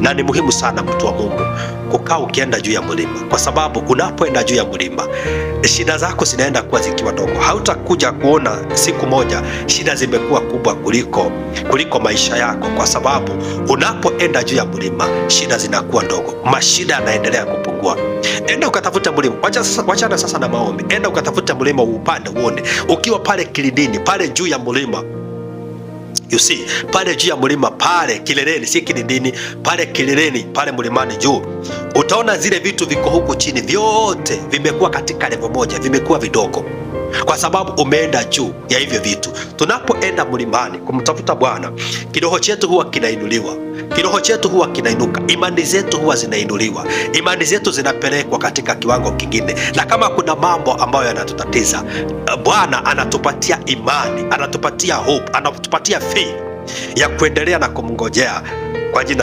na ni muhimu sana mtu wa Mungu kukaa ukienda juu ya mlima, kwa sababu unapoenda juu ya mlima shida zako zinaenda kuwa zikiwa ndogo. Hautakuja kuona siku moja shida zimekuwa kubwa kuliko, kuliko maisha yako, kwa sababu unapoenda juu ya mlima shida zinakuwa ndogo, mashida yanaendelea kupungua. Enda ukatafuta mlima, wachana sasa na maombi, enda ukatafuta mlima uupande uone, ukiwa pale kilindini pale juu ya mlima You see, pale juu ya mlima pale kileleni, si kilindini, pale kileleni, pale mlimani juu, utaona zile vitu viko huku chini vyote vimekuwa katika levo moja, vimekuwa vidogo kwa sababu umeenda juu ya hivyo vitu. Tunapoenda mlimani kumtafuta Bwana, kiroho chetu huwa kinainuliwa. Kiroho chetu huwa kinainuka, imani zetu huwa zinainuliwa, imani zetu zinapelekwa katika kiwango kingine. Na kama kuna mambo ambayo yanatutatiza, eh, Bwana anatupatia imani, anatupatia hope, anatupatia faith ya kuendelea na kumngojea kwa jina